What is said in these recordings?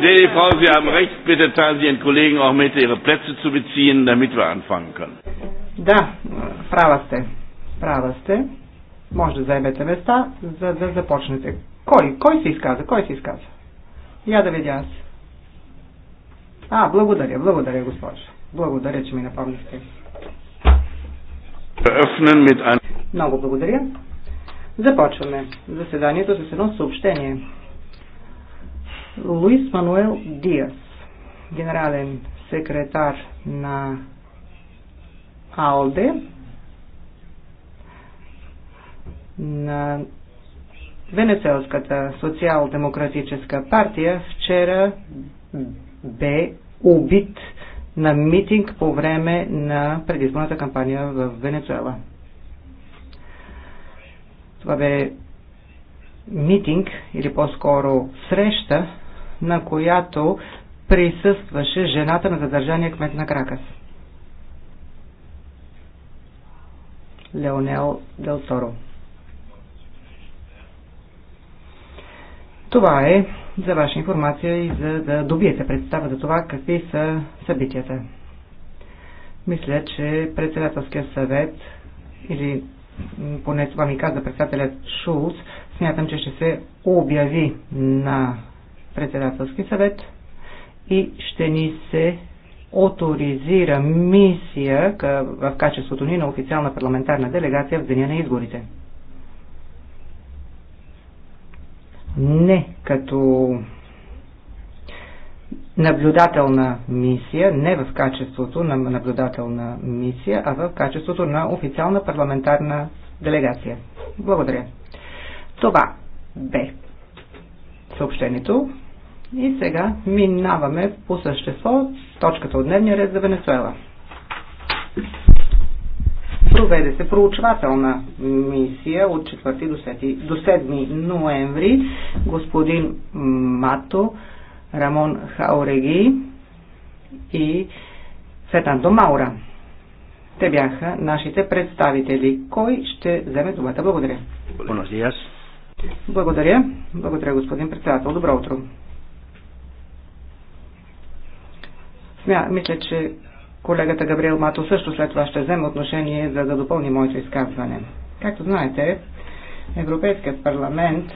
Nee, Frau, Sie haben recht. Bitte teilen Sie Ihren Kollegen auch mit, Ihre Plätze zu beziehen, damit wir anfangen können. Да, права сте. Права сте. Може да заемете места, за да започнете. Кой? Кой се изказа? Кой се изказа? Я да видя аз. А, благодаря, благодаря, госпожо. Благодаря, че ми напомнихте. Много благодаря. Започваме заседанието с едно съобщение. Луис Мануел Диас, генерален секретар на АЛДЕ, на Венецелската социал-демократическа партия, вчера бе убит на митинг по време на предизборната кампания в Венецуела. Това бе митинг или по-скоро среща, на която присъстваше жената на задържания кмет на Кракас. Леонел Дел Торо. Това е за ваша информация и за да добиете представа за това какви са събитията. Мисля, че председателския съвет или поне това ми каза председателят Шулц, смятам, че ще се обяви на председателски съвет и ще ни се авторизира мисия в качеството ни на официална парламентарна делегация в деня на изборите. Не като наблюдателна мисия, не в качеството на наблюдателна мисия, а в качеството на официална парламентарна делегация. Благодаря. Това бе съобщението. И сега минаваме по същество точката от дневния ред за Венесуела. Проведе се проучвателна мисия от 4 до 7, до 7 ноември. Господин Мато Рамон Хауреги и Фетанто Маура. Те бяха нашите представители. Кой ще вземе думата? Благодаря. Благодаря. Благодаря, господин председател. Добро утро. Мисля, че колегата Габриел Мато също след това ще вземе отношение, за да допълни моето изказване. Както знаете, Европейският парламент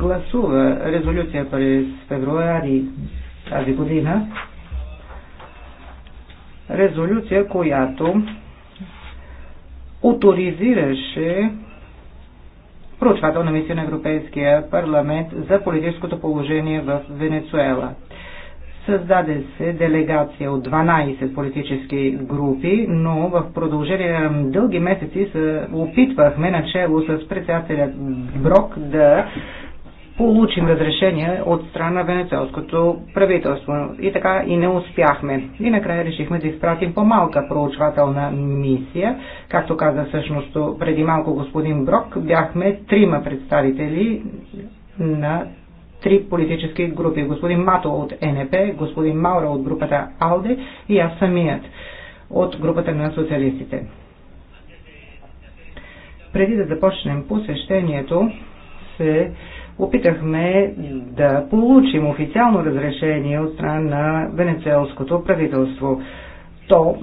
гласува резолюция през февруари тази година. Резолюция, която авторизираше проучвателна мисия на Европейския парламент за политическото положение в Венецуела. Създаде се делегация от 12 политически групи, но в продължение на дълги месеци се опитвахме начало с председателя Брок да получим разрешение от страна на венецелското правителство. И така и не успяхме. И накрая решихме да изпратим по-малка проучвателна мисия. Както каза всъщност преди малко господин Брок, бяхме трима представители на три политически групи. Господин Мато от НП, господин Маура от групата АЛДЕ и аз самият от групата на социалистите. Преди да започнем посещението, се опитахме да получим официално разрешение от страна на венецелското правителство. То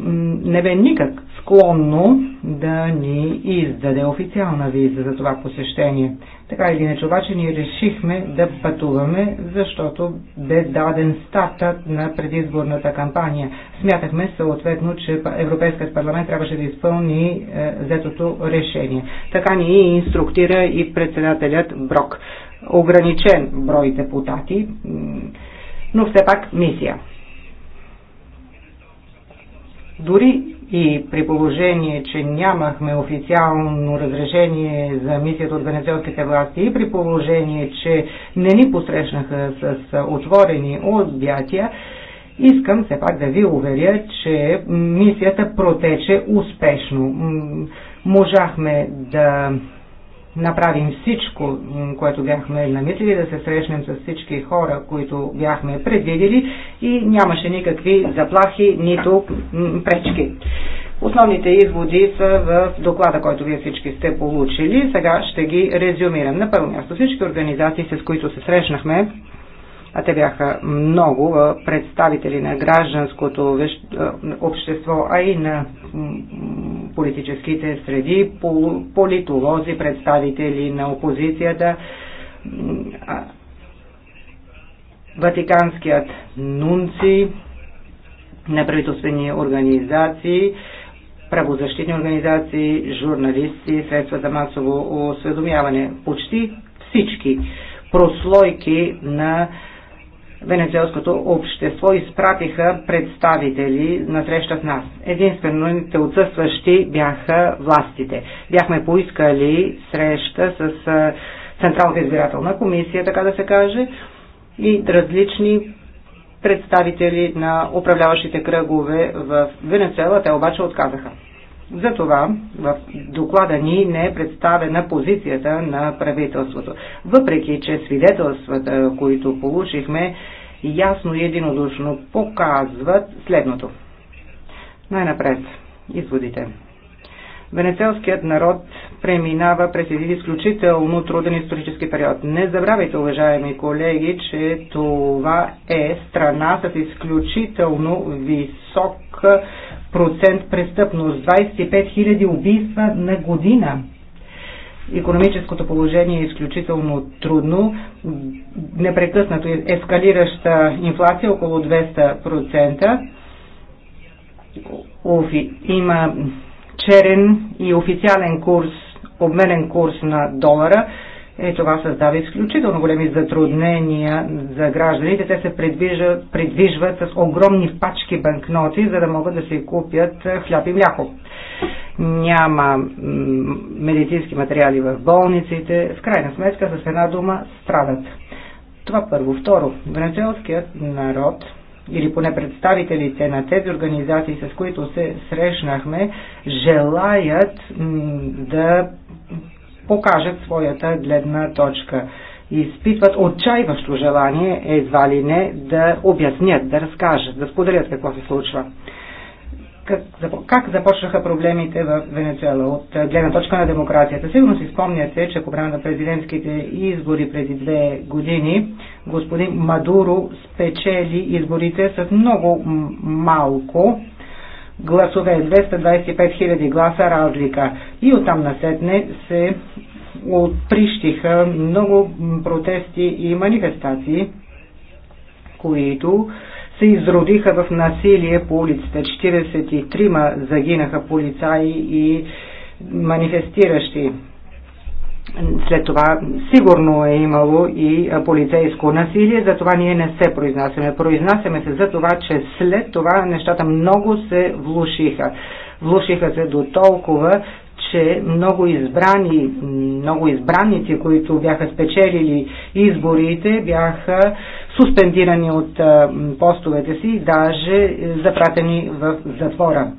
не бе никак склонно да ни издаде официална виза за това посещение. Така или иначе обаче ние решихме да пътуваме, защото бе даден стартът на предизборната кампания. Смятахме съответно, че Европейският парламент трябваше да изпълни е, решение. Така ни инструктира и председателят Брок. Ограничен брой депутати, но все пак мисия. Дори и при положение, че нямахме официално разрешение за мисията от организационските власти и при положение, че не ни посрещнаха с отворени обятия, искам все пак да ви уверя, че мисията протече успешно. Можахме да направим всичко, което бяхме намислили, да се срещнем с всички хора, които бяхме предвидели и нямаше никакви заплахи, нито пречки. Основните изводи са в доклада, който вие всички сте получили. Сега ще ги резюмирам. На първо място всички организации, с които се срещнахме, а те бяха много представители на гражданското общество, а и на политическите среди, политолози, представители на опозицията, Ватиканският нунци, неправителствени организации, правозащитни организации, журналисти, средства за масово осведомяване. Почти всички прослойки на венецелското общество изпратиха представители на среща с нас. Единствените отсъстващи бяха властите. Бяхме поискали среща с Централната избирателна комисия, така да се каже, и различни представители на управляващите кръгове в Венецела. Те обаче отказаха. Затова в доклада ни не е представена позицията на правителството. Въпреки, че свидетелствата, които получихме, ясно и единодушно показват следното. Най-напред, изводите. Венецелският народ преминава през един изключително труден исторически период. Не забравяйте, уважаеми колеги, че това е страна с изключително висок процент престъпност, 25 000 убийства на година. Економическото положение е изключително трудно, непрекъснато ескалираща инфлация около 200%. Има черен и официален курс, обменен курс на долара, е, това създава изключително големи затруднения за гражданите. Те се предвижват, предвижват с огромни пачки банкноти, за да могат да си купят е, хляб и мляко. Няма медицински материали в болниците. В крайна сметка, с една дума, страдат. Това първо. Второ, венецуелският народ или поне представителите на тези организации, с които се срещнахме, желаят да покажат своята гледна точка. Изпитват отчаиващо желание, едва ли не, да обяснят, да разкажат, да споделят какво се случва. Как, започнаха проблемите в Венецуела от гледна точка на демокрацията? Сигурно си спомняте, че по време на президентските избори преди две години господин Мадуро спечели изборите с много малко гласове, 225 000 гласа разлика. И оттам насетне се отприщиха много протести и манифестации, които се изродиха в насилие по улиците. 43 загинаха полицаи и манифестиращи. След това сигурно е имало и полицейско насилие, за това ние не се произнасяме. Произнасяме се за това, че след това нещата много се влушиха. Влушиха се до толкова, че много избрани, много избранници, които бяха спечелили изборите, бяха суспендирани от постовете си и даже е, запратени в затвора.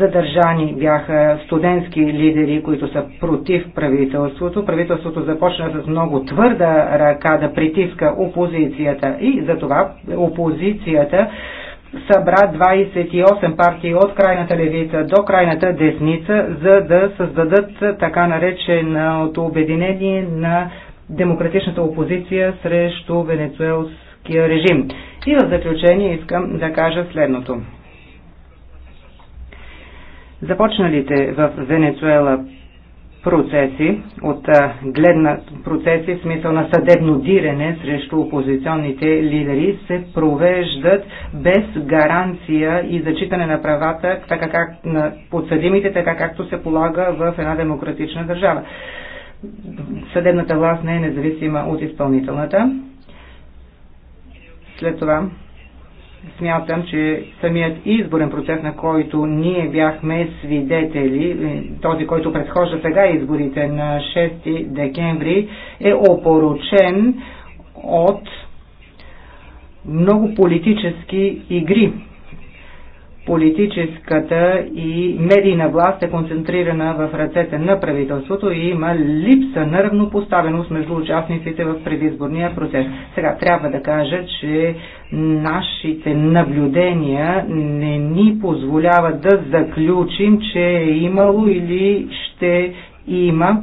Задържани бяха студентски лидери, които са против правителството. Правителството започна с много твърда ръка да притиска опозицията и затова опозицията събра 28 партии от крайната левица до крайната десница, за да създадат така нареченото обединение на демократичната опозиция срещу венецуелския режим. И в заключение искам да кажа следното. Започналите в Венецуела процеси, от гледна процеси в смисъл на съдебно дирене срещу опозиционните лидери се провеждат без гаранция и зачитане на правата така как, на подсъдимите, така както се полага в една демократична държава. Съдебната власт не е независима от изпълнителната. След това смятам, че самият изборен процес, на който ние бяхме свидетели, е, този, който предхожда сега изборите на 6 декември, е опорочен от много политически игри политическата и медийна власт е концентрирана в ръцете на правителството и има липса на равнопоставеност между участниците в предизборния процес. Сега трябва да кажа, че нашите наблюдения не ни позволяват да заключим, че е имало или ще има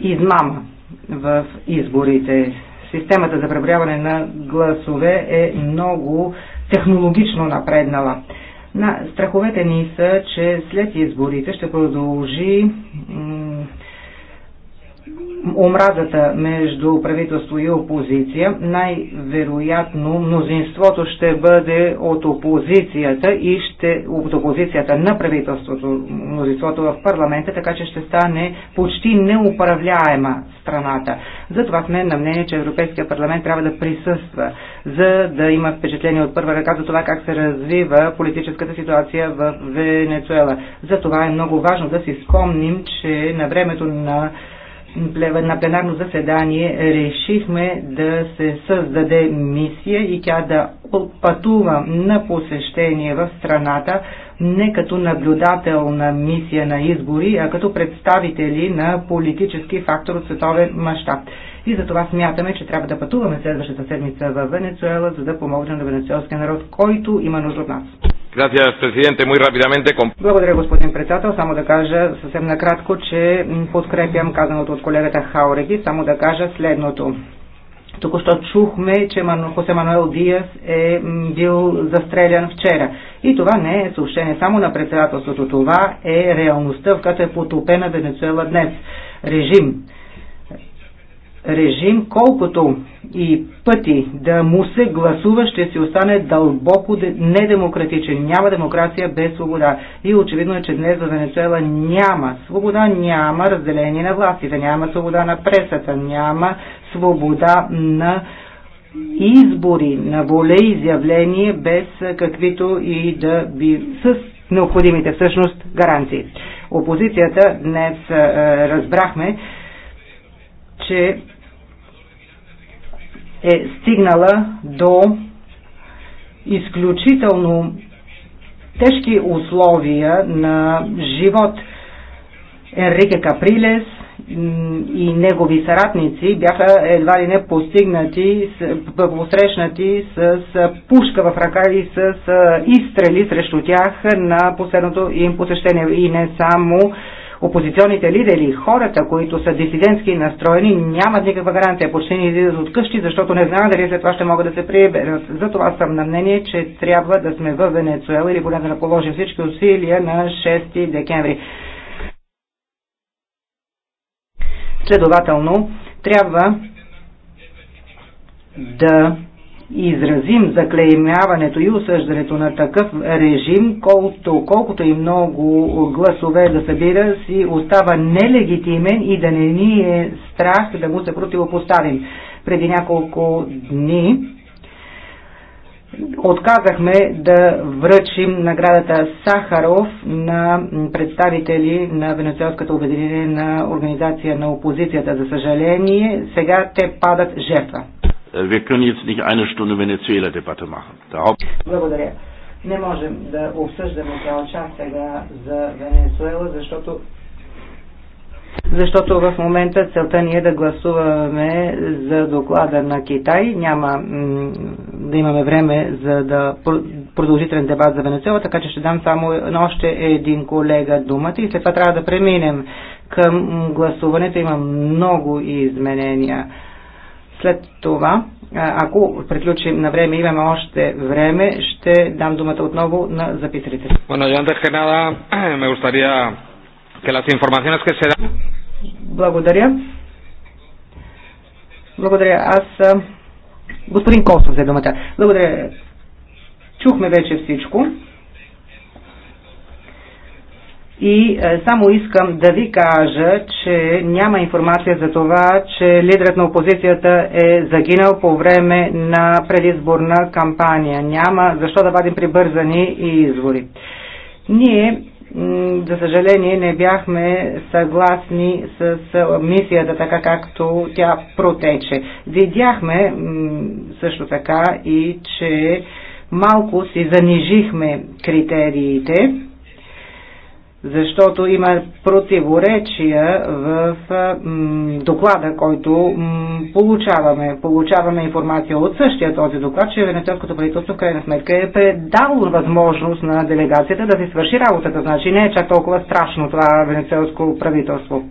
измама в изборите. Системата за преброяване на гласове е много технологично напреднала. На страховете ни са, че след изборите ще продължи омразата между правителство и опозиция, най-вероятно мнозинството ще бъде от опозицията и ще, от опозицията на правителството, мнозинството в парламента, така че ще стане почти неуправляема страната. Затова сме на мнение, че Европейския парламент трябва да присъства, за да има впечатление от първа ръка за това как се развива политическата ситуация в Венецуела. Затова е много важно да си спомним, че на времето на на пленарно заседание решихме да се създаде мисия и тя да пътува на посещение в страната не като наблюдател на мисия на избори, а като представители на политически фактор от световен мащаб. И за това смятаме, че трябва да пътуваме следващата седмица в Венецуела, за да помогнем на венецуелския народ, който има нужда от нас. Gracias, presidente. Muy rápidamente. Благодаря, господин председател. Само да кажа съвсем накратко, че подкрепям казаното от колегата Хауреги. Само да кажа следното. Току-що чухме, че Хосе Мануел Диас е бил застрелян вчера. И това не е съобщение само на председателството. Това е реалността, в която е потопена Венецуела днес. Режим режим, колкото и пъти да му се гласува, ще си остане дълбоко недемократичен. Няма демокрация без свобода. И очевидно е, че днес за Венецуела няма свобода, няма разделение на властите, няма свобода на пресата, няма свобода на избори, на воле, изявление без каквито и да би с необходимите всъщност гаранции. Опозицията днес е, разбрахме, че е стигнала до изключително тежки условия на живот. Енрике Каприлес, и негови съратници бяха едва ли не постигнати, посрещнати с пушка в ръка и с изстрели срещу тях на последното им посещение. И не само опозиционните лидери, хората, които са дисидентски настроени, нямат никаква гаранция, почти не излизат от къщи, защото не знаят дали след това ще могат да се приеберат. Затова съм на мнение, че трябва да сме в Венецуела или поне да положим всички усилия на 6 декември. Следователно, трябва да изразим заклеймяването и осъждането на такъв режим, колкото, колкото и много гласове да събира, си остава нелегитимен и да не ни е страх да му се противопоставим. Преди няколко дни отказахме да връчим наградата Сахаров на представители на Венецуелската обединение на Организация на опозицията. За съжаление, сега те падат жертва. Благодаря. Не можем да обсъждаме цял час сега за Венецуела, защото защото в момента целта ни е да гласуваме за доклада на Китай. Няма да имаме време за да продължителен дебат за Венецуела, така че ще дам само на още един колега думата и след това трябва да преминем към гласуването. Има много изменения. След това, ако приключим на време, имаме още време, ще дам думата отново на записалите. Bueno, yo antes que nada me gustaría que las informaciones que se dan. Благодаря. Благодаря. Аз. Господин Костов за думата. Благодаря. Чухме вече всичко. И е, само искам да ви кажа, че няма информация за това, че лидерът на опозицията е загинал по време на предизборна кампания. Няма защо да вадим прибързани и извори. Ние за съжаление не бяхме съгласни с мисията, така както тя протече. Видяхме също така и, че малко си занижихме критериите защото има противоречия в доклада, който получаваме. Получаваме информация от същия този доклад, че Венецианското правителство в крайна сметка е предало възможност на делегацията да си свърши работата. Значи не е чак толкова страшно това Венецианско правителство.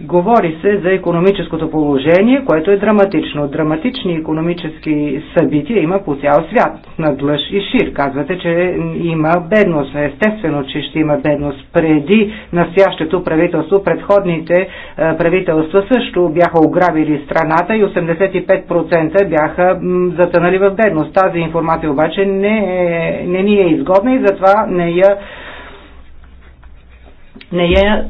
Говори се за економическото положение, което е драматично. Драматични економически събития има по цял свят, надлъж и шир. Казвате, че има бедност. Естествено, че ще има бедност. Преди настоящето правителство, предходните е, правителства също бяха ограбили страната и 85% бяха затънали в бедност. Тази информация обаче не, е, не ни е изгодна и затова не я не я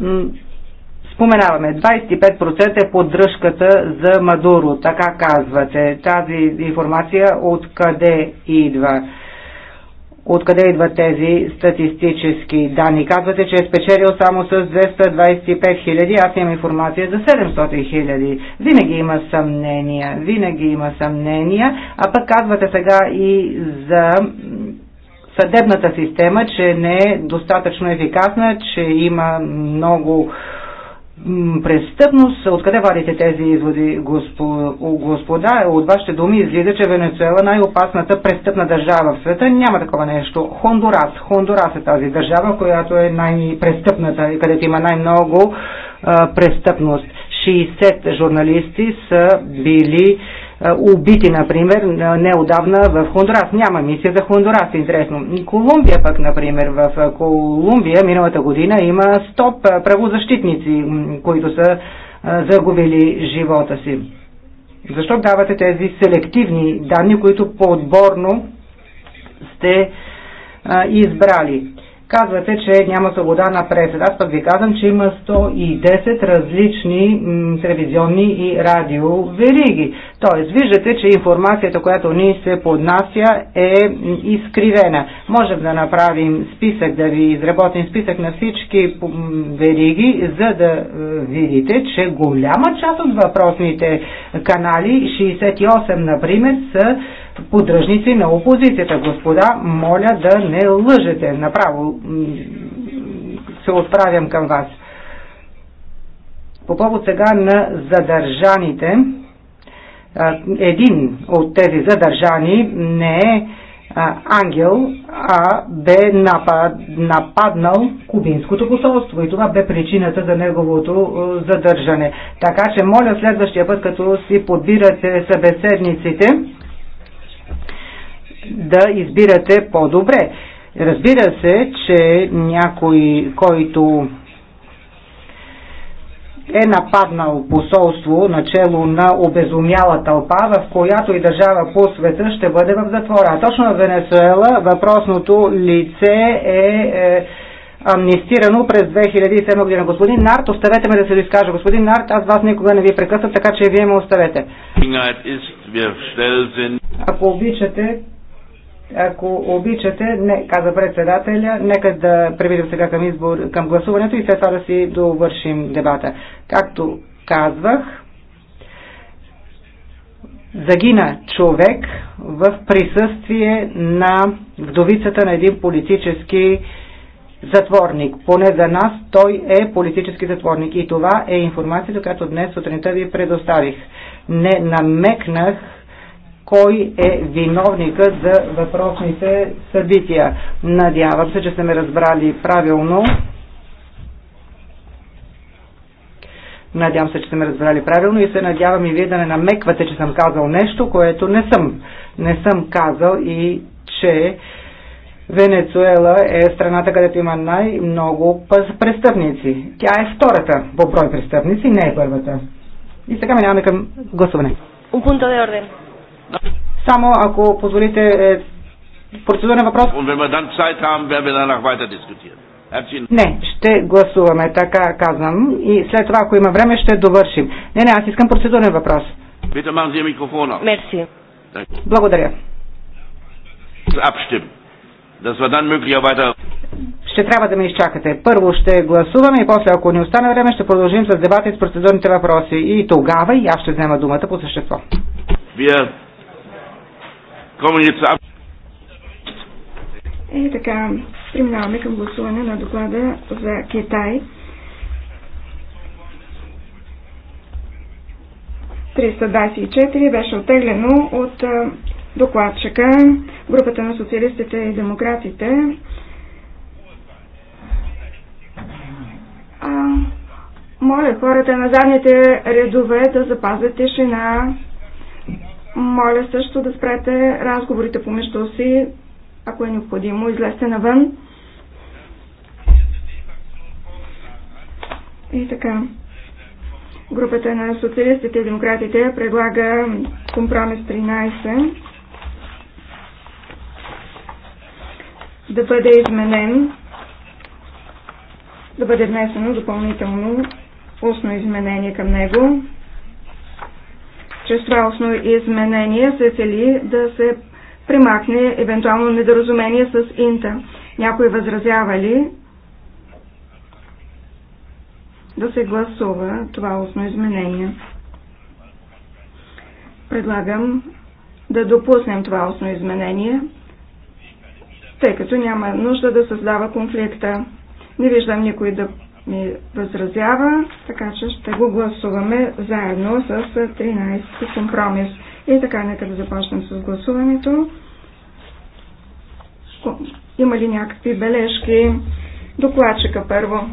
Споменаваме, 25% е поддръжката за Мадуро, така казвате. Тази информация откъде идва? Откъде идват тези статистически данни? Казвате, че е спечелил само с 225 хиляди, аз имам информация за 700 хиляди. Винаги има съмнения, винаги има съмнения, а пък казвате сега и за съдебната система, че не е достатъчно ефикасна, че има много престъпност. Откъде вадите тези изводи, господа? От вашите думи излиза, че Венецуела е най-опасната престъпна държава в света. Няма такова нещо. Хондурас. Хондурас е тази държава, която е най-престъпната, и където има най-много престъпност. 60 журналисти са били убити, например, неодавна в Хондурас. Няма мисия за Хондурас, интересно. Колумбия пък, например, в Колумбия миналата година има 100 правозащитници, които са загубили живота си. Защо давате тези селективни данни, които подборно сте избрали? Казвате, че няма свобода на пресата. Аз пък ви казвам, че има 110 различни телевизионни и радио вериги. Тоест, виждате, че информацията, която ни се поднася е изкривена. Можем да направим списък, да ви изработим списък на всички вериги, за да е, видите, че голяма част от въпросните канали, 68 например, са подръжници на опозицията. Господа, моля да не лъжете. Направо се отправям към вас. По повод сега на задържаните, един от тези задържани не е ангел, а бе нападнал кубинското посолство и това бе причината за неговото задържане. Така че моля следващия път, като си подбирате събеседниците, да избирате по-добре. Разбира се, че някой, който е нападнал посолство начало на обезумяла тълпа, в която и държава по света ще бъде в затвора. А точно в Венесуела въпросното лице е, е амнистирано през 2007 година. Господин Нарт, оставете ме да се ви изкажа. Господин Нарт, аз вас никога не ви прекъсвам, така че вие ме оставете. Ако обичате, ако обичате, не, каза председателя, нека да преведем сега към, избор, към гласуването и след това да си довършим дебата. Както казвах, загина човек в присъствие на вдовицата на един политически затворник. Поне за нас той е политически затворник. И това е информацията, която днес сутринта ви предоставих. Не намекнах кой е виновникът за въпросните събития. Надявам се, че сте ме разбрали правилно. Надявам се, че сте ме разбрали правилно и се надявам и вие да не намеквате, че съм казал нещо, което не съм. Не съм казал и че Венецуела е страната, където има най-много престъпници. Тя е втората по брой престъпници, не е първата. И сега минаваме към гласуване. Un punto de orden. Само ако позволите е, процедурен въпрос. Не, ще гласуваме, така казвам. И след това, ако има време, ще довършим. Не, не, аз искам процедурен въпрос. Мерси. Благодаря. Ще трябва да ме изчакате. Първо ще гласуваме и после, ако ни остане време, ще продължим с дебата и с процедурните въпроси. И тогава и аз ще взема думата по същество. Вие и е, така, преминаваме към гласуване на доклада за Китай. 324 беше оттеглено от докладчика, групата на социалистите и демократите. моля хората на задните редове да запазят тишина. Моля също да спрете разговорите помежду си, ако е необходимо, излезте навън. И така. Групата на социалистите и демократите предлага компромис 13 да бъде изменен, да бъде внесено допълнително устно изменение към него. Чрез това основно изменение се цели да се примахне евентуално недоразумение с Инта. Някой възразява ли да се гласува това устно изменение? Предлагам да допуснем това устно изменение, тъй като няма нужда да създава конфликта. Не виждам никой да не възразява, така че ще го гласуваме заедно с 13 компромис. И така, нека да започнем с гласуването. Има ли някакви бележки? Докладчика първо.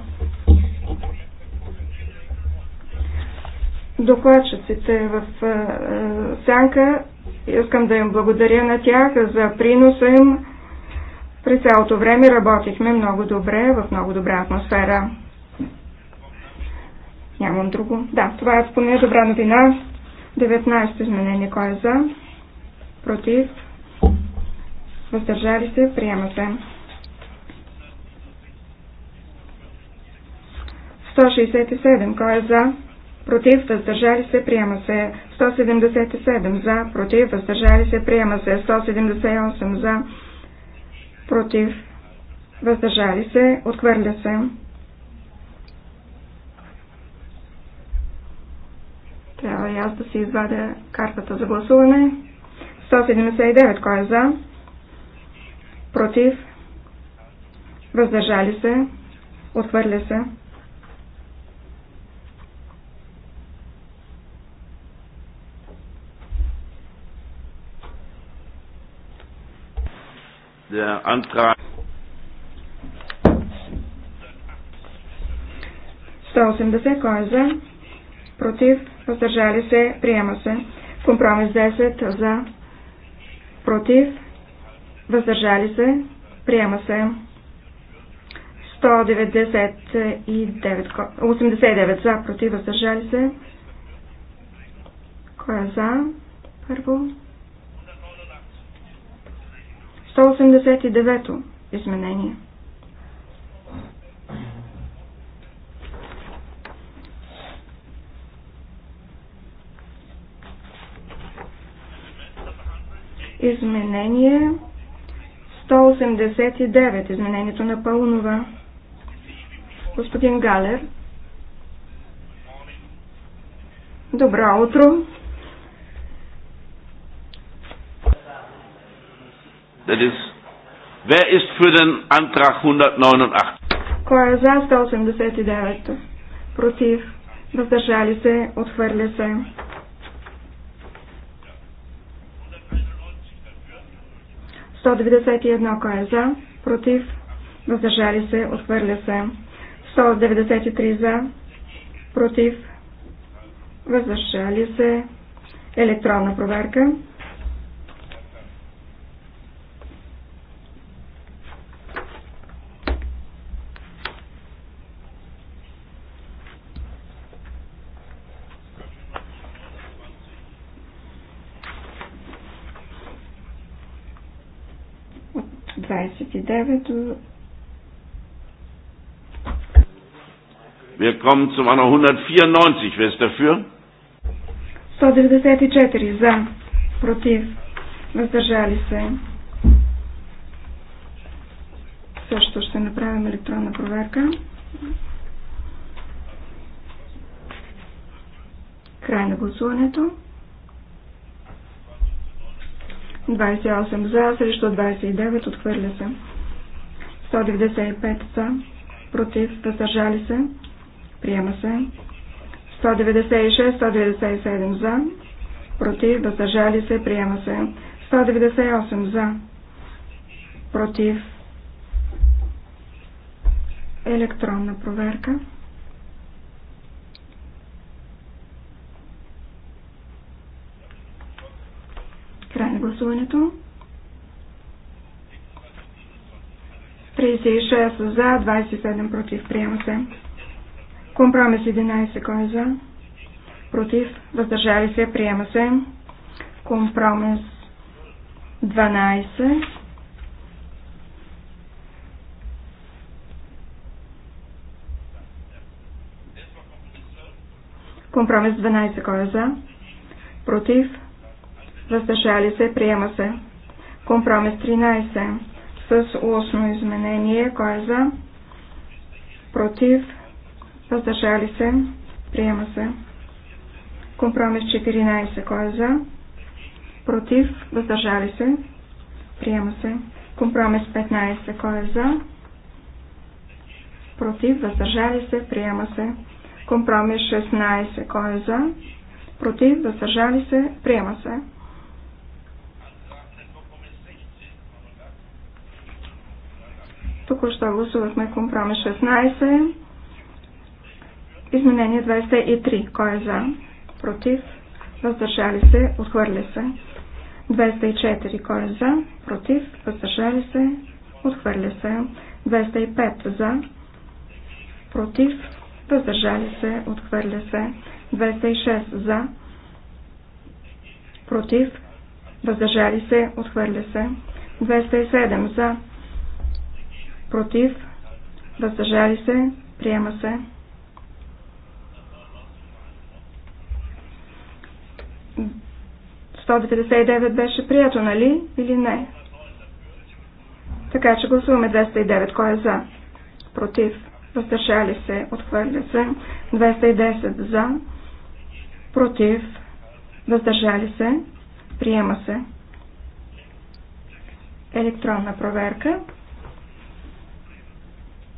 Докладчиците в Сянка, искам да им благодаря на тях за приноса им. През цялото време работихме много добре, в много добра атмосфера. Нямам друго. Да, това е поне добра новина. 19 изменение. Кой е за? Против? Въздържали се? Приема се. 167. Кой е за? Против, въздържали се, приема се. 177 за, против, въздържали се, приема се. 178 за, против, въздържали се, отхвърля се. Трябва и аз да си извадя картата за гласуване. 179. Кой е за? Против? Въздържали се? Отхвърля се? Антра... 180. Кой е за? против, въздържали се, приема се. Компромис 10 за, против, въздържали се, приема се. 199, 89 за, против, въздържали се. Кой е за? Първо. 189 изменение. Изменение 189. Изменението на Пълнова. Господин Галер. Добро утро. That is, Antrag 189? Кой е за 189? Против. Въздържали се. Отхвърля се. 191 кой е за, против, въздържали се, отхвърля се. 193 за, против, въздържали се. Електронна проверка. 9 Wir kommen zum Anna 194. Wer ist dafür? 194 за, против, въздържали се. Също ще направим електронна проверка. Край на гласуването. 28 за, срещу 29 отхвърля се. 195 за, против, въздържали се, приема се. 196, 197 за, против, въздържали се, приема се. 198 за, против, електронна проверка. Край на гласуването. 36 за, 27 против. Приема се. Компромис 11. Кой е за? Против. Въздържали се. Приема се. Компромис 12. Компромис 12. Кой е за? Против. Въздържали се. Приема се. Компромис 13 с устно изменение. Кой е за? Против? Въздържали се? Приема се. Компромис 14. Кой е за? Против? Въздържали се? Приема се. Компромис 15. Кой е за? Против? Въздържали се? Приема се. Компромис 16. Кой е за? Против? Въздържали се? Приема се. Току-що гласувахме компромис 16. Изменение 203, Кой е за? Против? Въздържали се? Отхвърля се. 204. Кой е за? Против? Въздържали се? Отхвърля се. 205. За? Против? Въздържали се? Отхвърля се. 206. За? Против? Въздържали се? Отхвърля се. 207. За? против, въздържали се, приема се. Сто беше прието, нали? Или не? Така че гласуваме 209. Кой е за? Против. Въздържали се. Отхвърля се. 210 за. Против. Въздържали се. Приема се. Електронна проверка.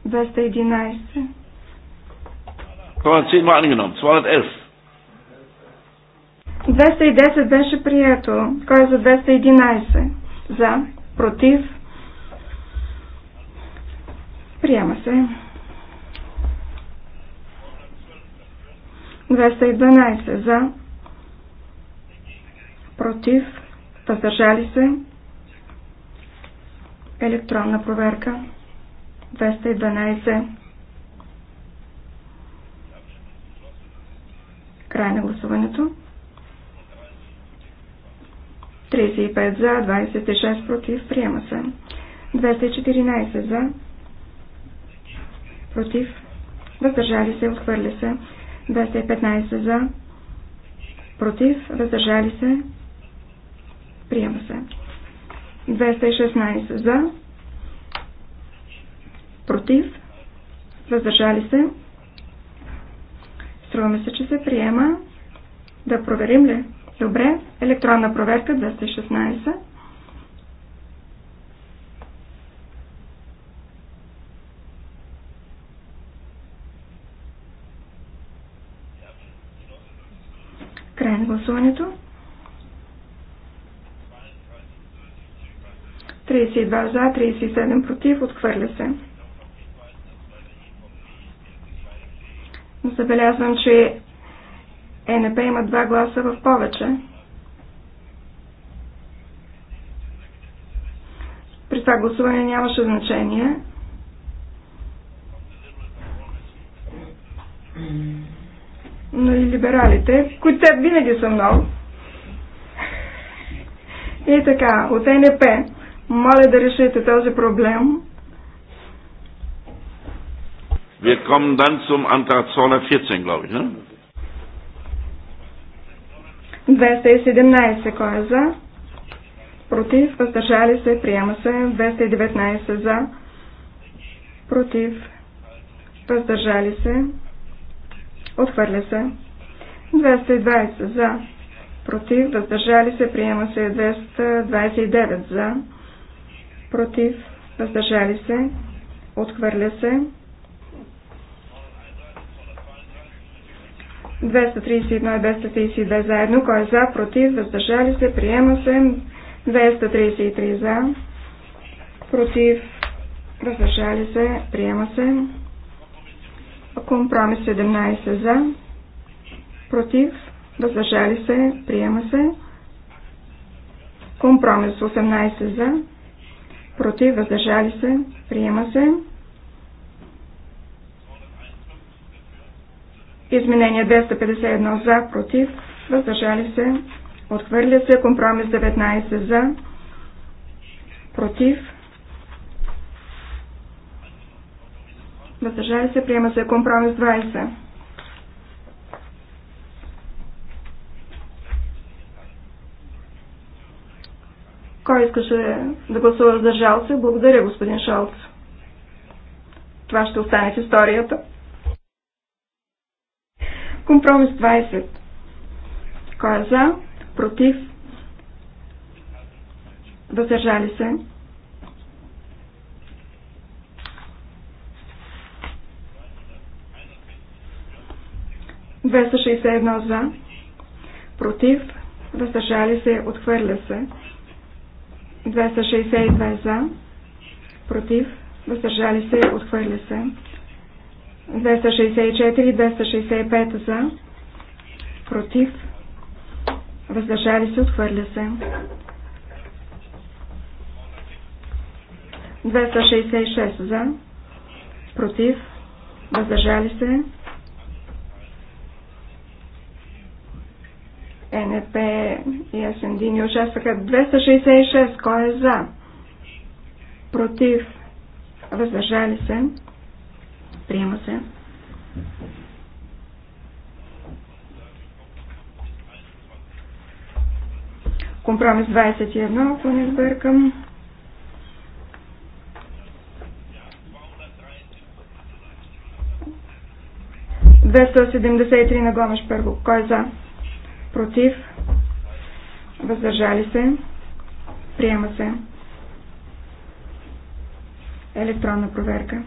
211. 210 беше прието. Кой е за 211? За. Против. Приема се. 212 за. Против. Въздържали се. Електронна проверка. 212. Край на гласуването. 35 за, 26 против. Приема се. 214 за. Против. Въздържали се. Отхвърля се. 215 за. Против. Въздържали се. Приема се. 216 за против, въздържали се. Струваме се, че се приема. Да проверим ли? Добре. Електронна проверка 216. Край на гласуването. 32 за, 37 против, отхвърля се. Забелязвам, че ЕНП има два гласа в повече. При това гласуване нямаше значение. Но и либералите, които те винаги са много. И така, от ЕНП, моля да решите този проблем Wir kommen dann zum Antrag 214, glaube ich, ne? 217, кой е за? Против, въздържали се, приема се. 219 за. Против, въздържали се. Отхвърля се. 220 за. Против, въздържали се, приема се. 229 за. Против, въздържали се. Отхвърля се. 231 и 232 заедно. Кой е за, против, въздържали се, приема се. 233 за, против, въздържали се, приема се. Компромис 17 за, против, въздържали се, приема се. Компромис 18 за, против, въздържали се, приема се. Изменение 251 за, против, въздържали се, отхвърля се. Компромис 19 за, против, въздържали се, приема се. Компромис 20. Кой искаше да гласува за се? Благодаря, господин Шолц. Това ще остане в историята. Компромис 20. Кой е за? Против? Въздържали се? едно за. Против? Въздържали се? Отхвърля се. 262 за. Против? Въздържали се? Отхвърля се. 264-265 за, против, въздържали се, отхвърля се. 266 за, против, въздържали се. НП и СНД ни участваха. 266, кой е за? Против, въздържали се. Приема се. Компромис 21, ако не сбъркам. на Гомеш първо. Кой е за? Против? Въздържали се? Приема се. Електронна проверка.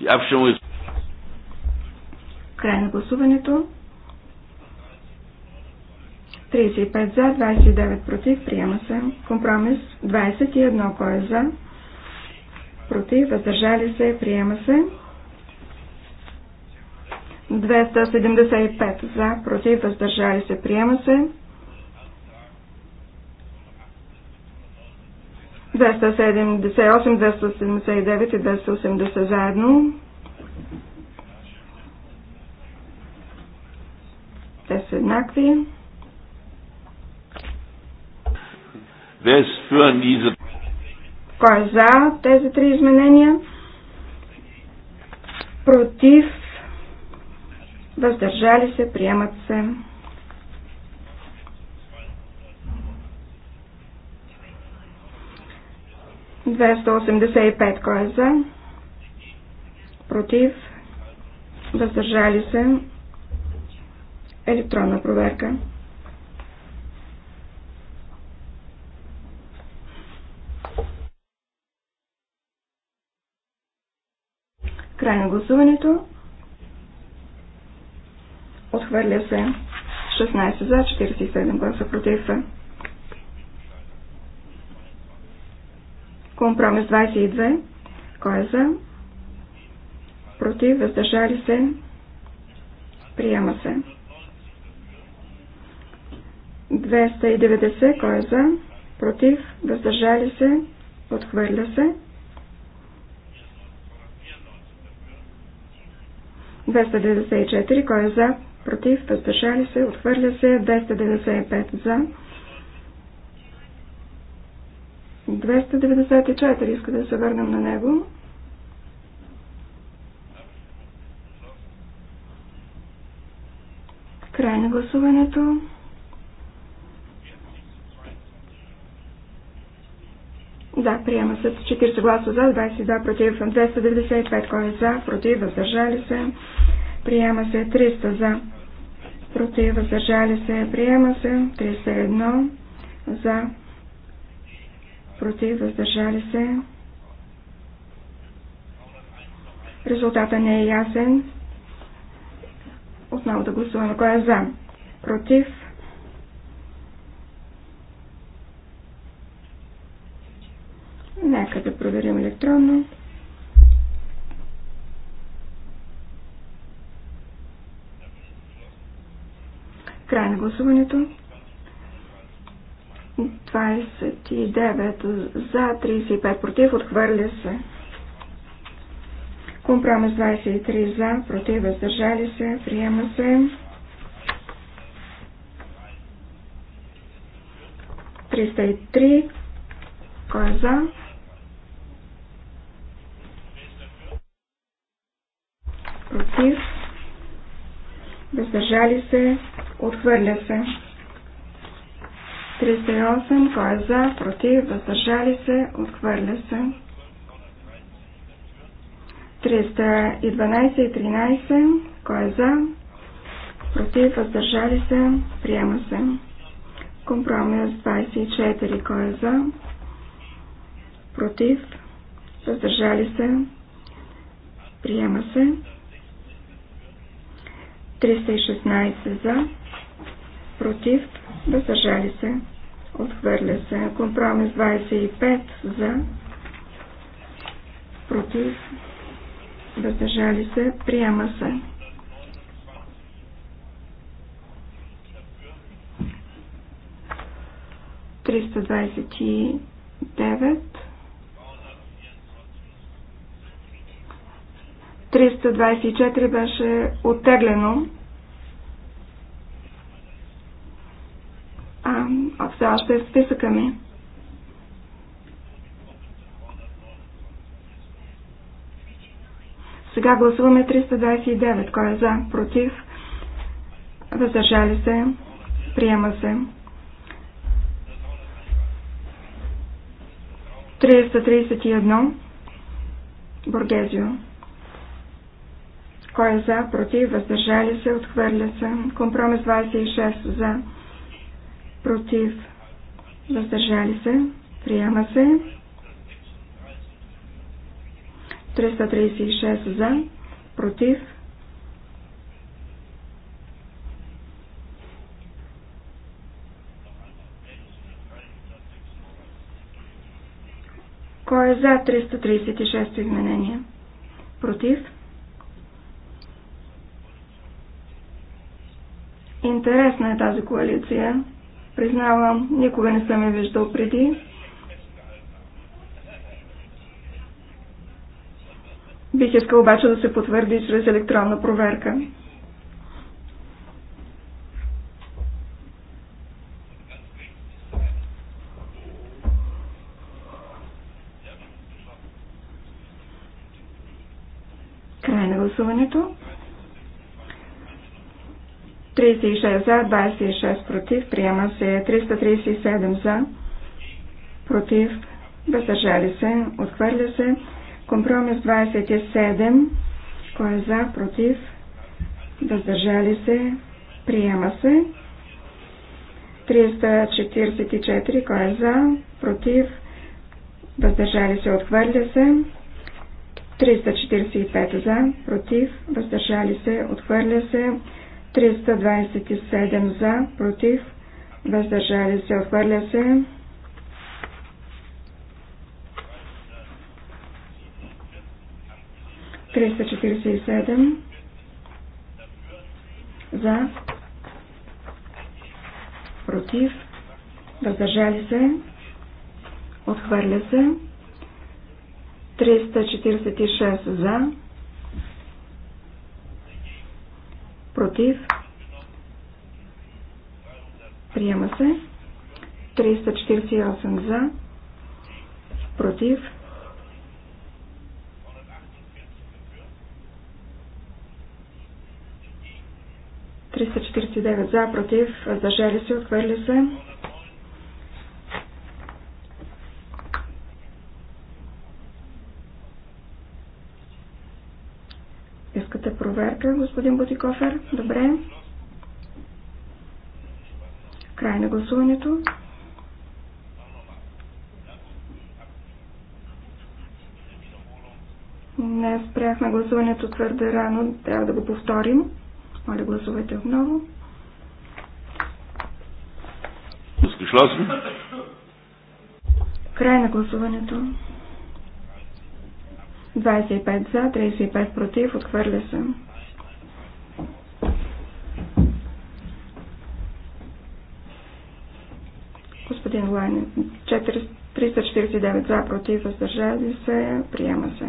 Die Край на гласуването. 35 за, 29 против, приема се. Компромис 21, кой е за? Против, въздържали се, приема се. 275 за, против, въздържали се, приема се. 278, 279 и 280 заедно. Те са еднакви. Кой е за тези три изменения? Против. Въздържали се, приемат се. 285 кой е за? Против? Въздържали се? Електронна проверка. Край на гласуването. Отхвърля се 16 за, 47 гласа против. Компромис 22. Кой е за? Против, въздържали се. Приема се. 290. Кой е за? Против, въздържали се. Отхвърля се. 294. Кой е за? Против, въздържали се. Отхвърля се. 295. За 294. Иска да се върнем на него. Край на гласуването. Да, приема се 40 гласа за, 22 против, 295 кой е за, против, въздържали се. Приема се 300 за, против, въздържали се. Приема се 301 за, против, въздържали се. Резултата не е ясен. Отново да гласуваме. Кой е за? Против? Нека да проверим електронно. Край на гласуването. 29 за, 35 против, отхвърля се. Компромис 23 за, против, въздържали се, приема се. 303, кой е за? Против, въздържали се, отхвърля се. 308. Кой е за? Против? Въздържали се? Отхвърля се. 312 и 13. Кой е за? Против? Въздържали се? Приема се. Компромис 24. Кой е за? Против? Въздържали се? Приема се. 316 за против, въздържали се, отхвърля се. Компромис 25 за, против, въздържали се, приема се. Триста двадесет и девет. 324 беше оттеглено. все още е в списъка ми. Сега гласуваме 329. Кой е за? Против? Въздържали се? Приема се. 331. Боргезио. Кой е за? Против? Въздържали се? Отхвърля се. Компромис 26. За против, въздържали се, приема се. 336 за, против. Кой е за 336 изменение? Против? Интересна е тази коалиция признавам, никога не съм я виждал преди. Бих искал обаче да се потвърди чрез електронна проверка. 36 за, 26 против, приема се 337 за, против, въздържали се, отхвърля се. Компромис 27, кой е за, против, въздържали се, приема се. 344, кой е за, против, въздържали се, отхвърля се. 345 за, против, въздържали се, отхвърля се. 327 за, против, въздържали се, отхвърля се. 347 за, против, въздържали се, отхвърля се. 346 за, против, приема се. 348 за, против, Триста за, против, въздържали се, отхвърли се. проверка, господин Бутикофер. Добре. Край на гласуването. Не спряхме гласуването твърде рано, трябва да го повторим. Моля, гласувайте отново. Край на гласуването. 25 за, 35 против, отхвърля се. Господин Лайнен, 349 за, против, въздържали се, приема се.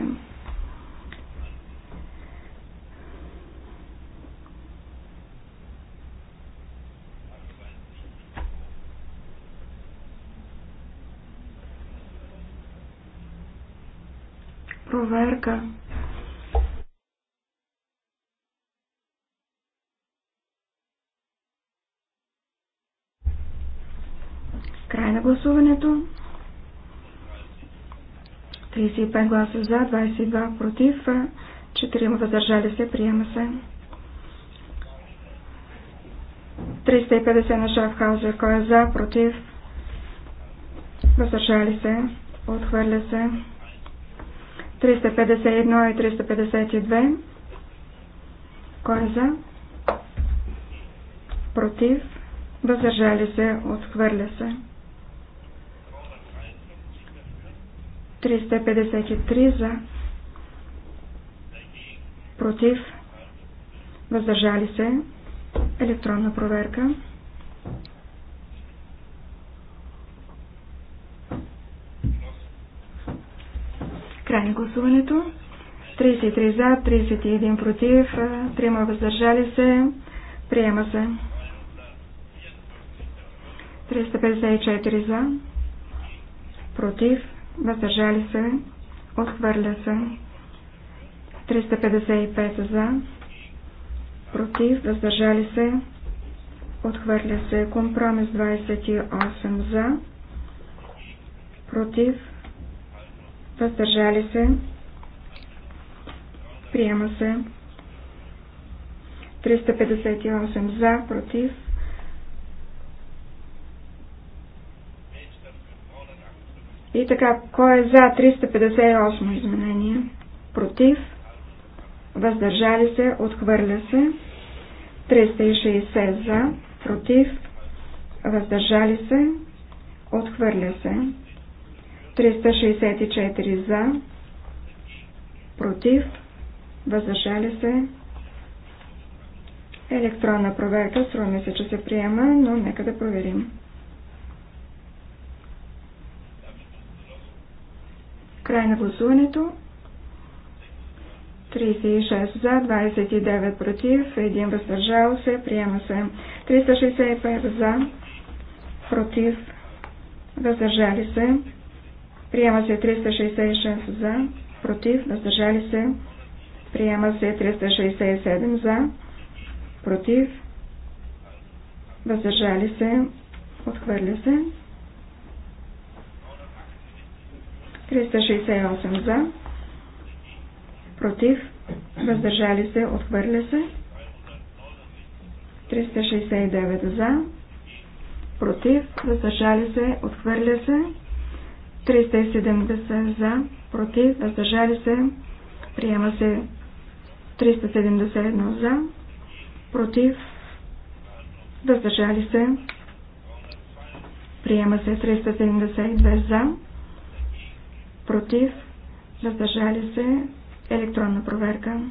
35 гласа за, 22 против, 4 въздържали се, приема се. 350 на Шафхаузер, кой е за, против, въздържали се, отхвърля се. 351 и 352, кой е за, против, въздържали се, отхвърля се. 353 за, против, въздържали се, електронна проверка. Край на гласуването. 33 за, 31 против, 3 въздържали се. Приема се. 354 за, против, въздържали се, отхвърля се. 355 за, против, въздържали се, отхвърля се. Компромис 28 за, против, въздържали се, приема се. 358 за, против, И така, кой е за 358 изменение? Против? Въздържали се? Отхвърля се? 360 за? Против? Въздържали се? Отхвърля се? 364 за? Против? Въздържали се? Електронна проверка, струва ми се, че се приема, но нека да проверим. Край на гласуването. 36 за, 29 против, 1 въздържал се, приема се. 365 за, против, въздържали се, приема се 366 за, против, въздържали се, приема се 367 за, против, въздържали се, отхвърля се. 368 за, против, въздържали се, отхвърля се. 369 за, против, въздържали се, отхвърля се. 370 за, против, въздържали се, приема се 371 за, против, въздържали се, приема се 372 за, против, въздържали се, електронна проверка.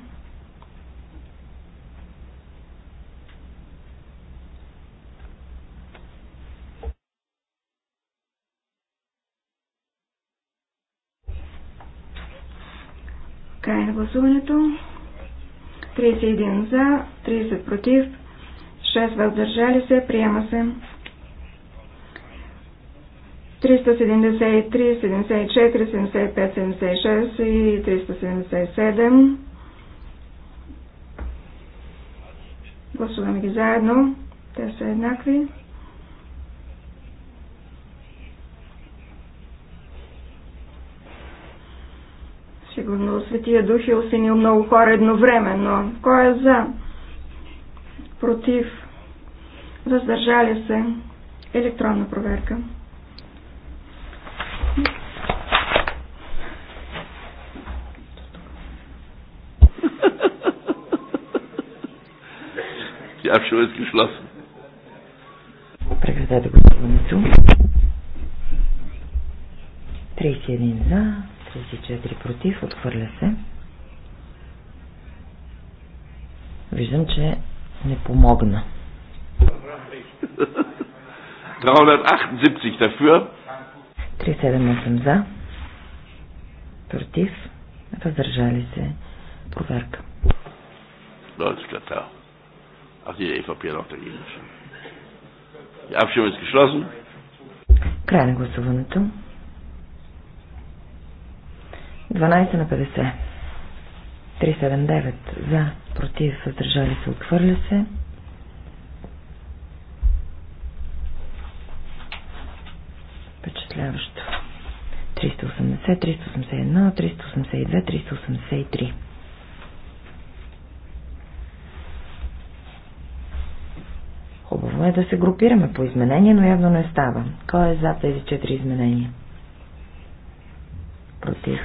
Край на гласуването. 31 за, 30 против, 6 въздържали се, приема се. 373, 74, 75, 76 и 377. Гласуваме ги заедно. Те са еднакви. Сигурно Светия Дух е осенил много хора едновременно. Кой е за? Против? Въздържали се? Електронна проверка. Die Abstimmung ist geschlossen. Прекратете гласуването. 31 за, 34 против, отхвърля се. Виждам, че не помогна. 378 378 за. Против. Въздържали се. Проверка. Deutsch, Ach, die EVP hat auch dagegen gestimmt. Die Abstimmung ist geschlossen. Край на гласуването. 12 на 50. 379 за, против, въздържали се, отхвърля се. Впечатляващо. 380, 381, 382, 383. е да се групираме по изменения, но явно не става. Кой е за тези четири изменения? Против.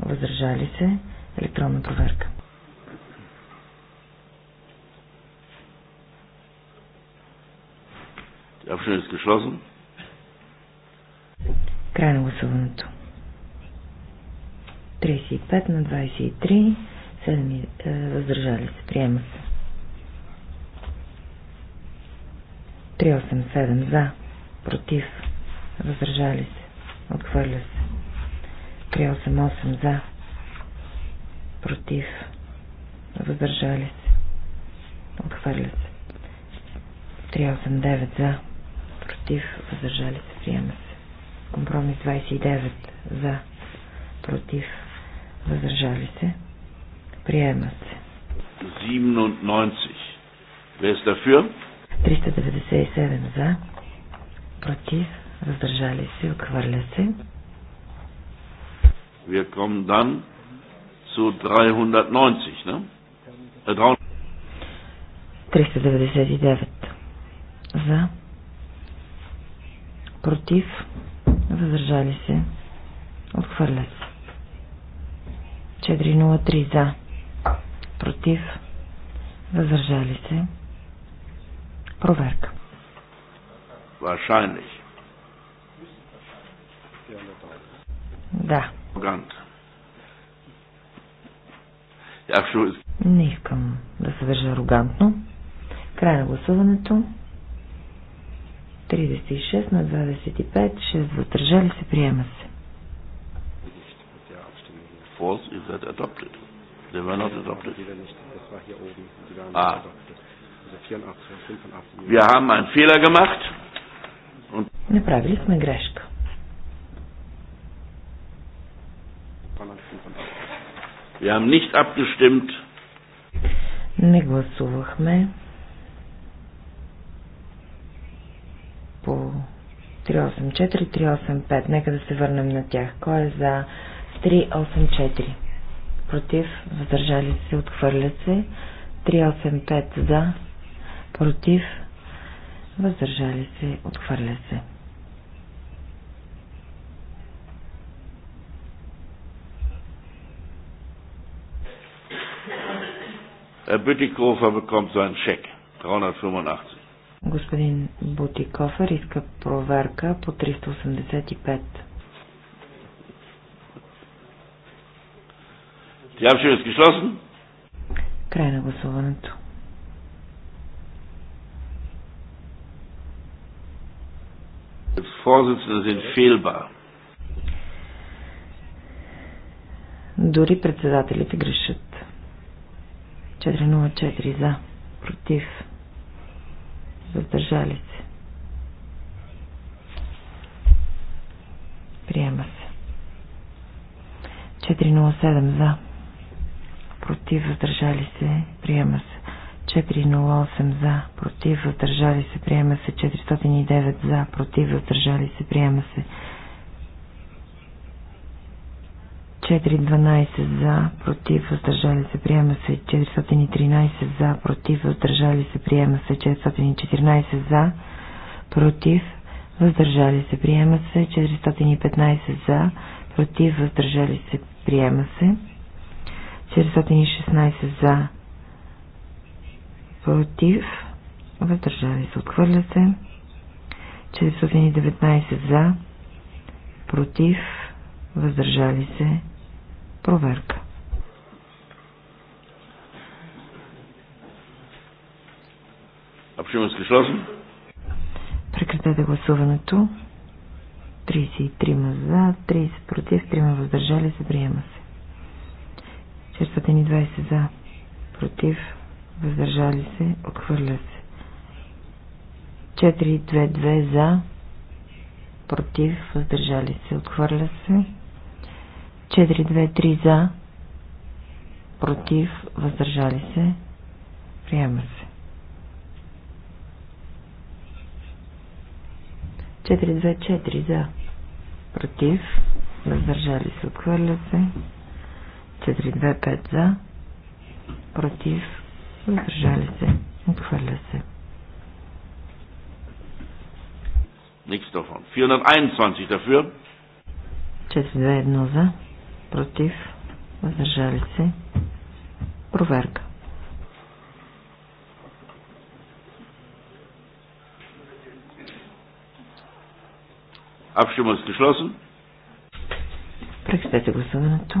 Въздържали се. Електронна проверка. Абшенец шлазъм. Край на гласуването. 35 на 23, 7 е, въздържали се. Приема се. 387 за, против, въздържали се, отхвърля се. 388 за, против, въздържали се, отхвърля се. 389 за, против, въздържали се, приема се. Компромис 29 за, против, въздържали се, приема се. 97. Wer ist dafür? 397 за, против, въздържали се, отхвърля се. Wir kommen дан zu 390, ne? 399 äh, за, против, въздържали се, отхвърля се. 403 за, против, въздържали се, Проверка. Wahrscheinlich. Да. Не искам да се държа арогантно. Край на гласуването. 36 на 25, 6 въздържали се, приема се. Фолс, и that adopted. They were not Wir haben einen Fehler gemacht. Und Направили сме грешка. Wir haben nicht abgestimmt. Не гласувахме по 384, 385. Нека да се върнем на тях. Кой е за 384? Против, въздържали се, отхвърля се. 385 за, против, въздържали се, отхвърля се. Господин Бутикофер иска проверка по 385. Тя ще е Край на гласуването. Als Vorsitzender sind fehlbar. Дори председателите грешат. 404 за, против, въздържали се. Приема се. 407 за, против, въздържали се, приема се. 408 за, против, въздържали се, приема се 409 за, против, въздържали се, приема се 412 за, против, въздържали се, приема се 413 за, против, въздържали се, приема се 414 за, против, въздържали се, приема се 415 за, против, въздържали се, приема се 416 за, против, въздържали се, отхвърля се. 419 за, против, въздържали се, проверка. Прекратете гласуването. 33 за, 30 против, 3 въздържали се, приема се. 420 за, против, въздържали се, отхвърля се. 4-2-2 за, против, въздържали се, отхвърля се. 4-2-3 за, против, въздържали се, приема се. 4-2-4 за, против, въздържали се, отхвърля се. 4-2-5 за, против, Въздържали се. Отхвърля се. Nichts davon. 421 dafür. 421 за. Против. Въздържали се. Проверка. Abstimmung ist geschlossen. Прекратете гласуването.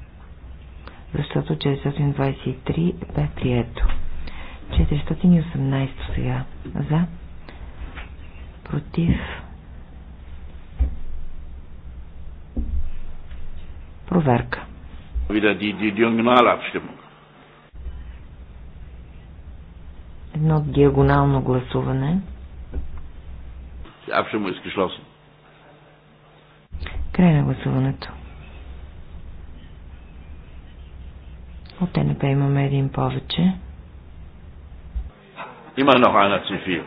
защото 423 бе прието. 418 сега. За. Против. Проверка. Wieder die, die Diagonalabstimmung. Едно диагонално гласуване. Die Abstimmung Край на гласуването. От ТНП имаме един повече. Има много една цифил.